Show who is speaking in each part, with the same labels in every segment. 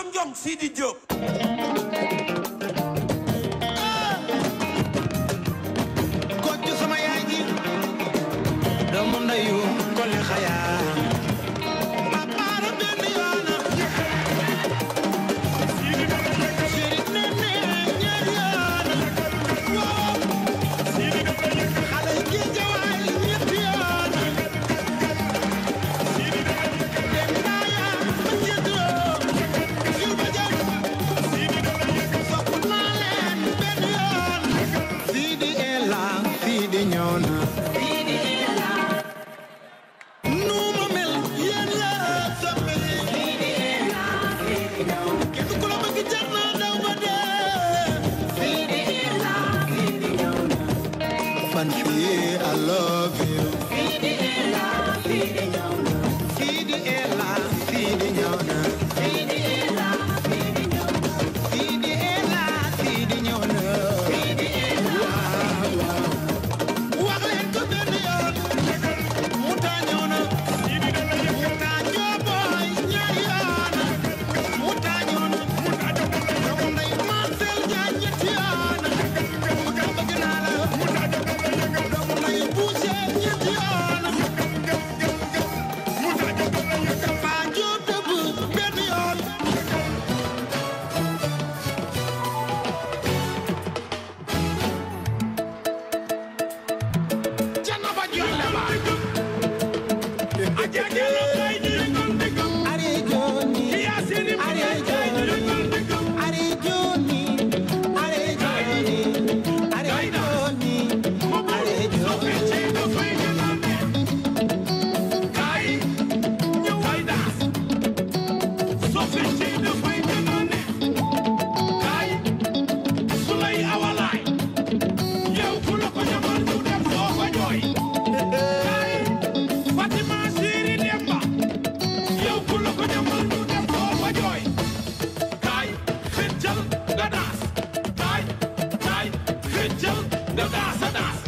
Speaker 1: jom jom di Diop I love you.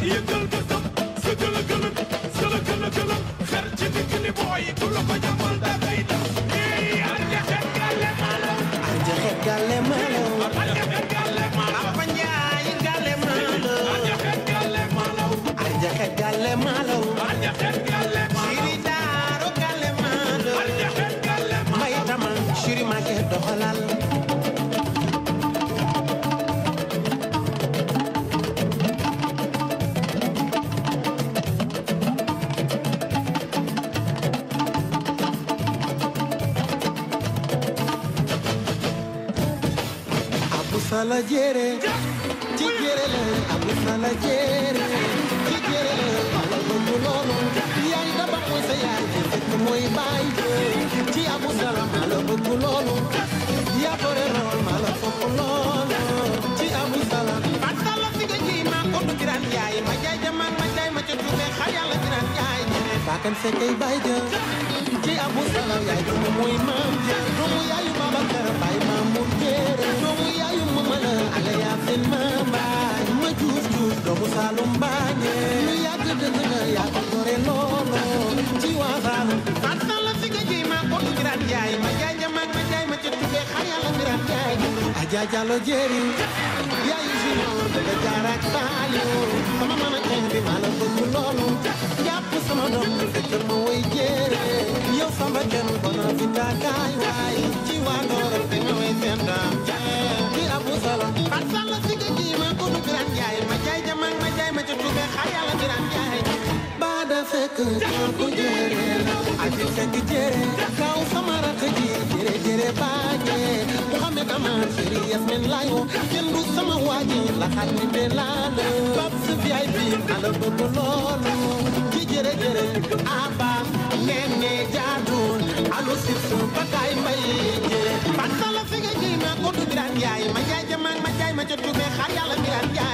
Speaker 1: yëngal nga sëm sëgal a gëlëm sëla gëla gëlëm xer ci digg li booy ku la ko jàmbal da ngay def i ande xet gàlle maalo ande xet gàlle maalo ande xet gàlle maalo apa njaay gàlle maalo ande xet gàlle maalo ande xet gàlle maalo Saladiere, ti quiere lei, a me saladiere, ti quiere lei, parla con tu loro, ti hai da bambu se hai, ti fetto muy bai, ti amo sala malo con tu loro, ti apore rol malo con loro, ti amo sala. Patala figa jima, kodu kiran yai, ma jai jaman, ma jai ma chutu me, khayala kiran yai, bakan se kei bai ja, ti amo sala yai, tu muy mam, jajalo jeri ya isino daga jarak tayo sama mama kendi mala bundu lolu japp sama dom fekk ma way jere yow sama ken bona fita kay way ci wa ndor te ma way senda di abu salam fatal siga ji ma ko gran jaay ma jaay jamang ma jaay ma ci tube xayala gran jaay dëkk bu jëre Abi Seck jëre kaw sama rakk ji jëre jëre baaje Mouhamed Amar jëri Yasmin layo kenn du sama waaji la xar ni be laal Pape sa VIP ma la bëgg loolu ji jëre jëre Aba Nene Jaadun Alu Sirsu Bakay Mbay jëre Bantala fi nga ji ma ko du Birane Njaay ma jaay jamaang ma jaay ma jot jube xaar yàlla Birane Njaay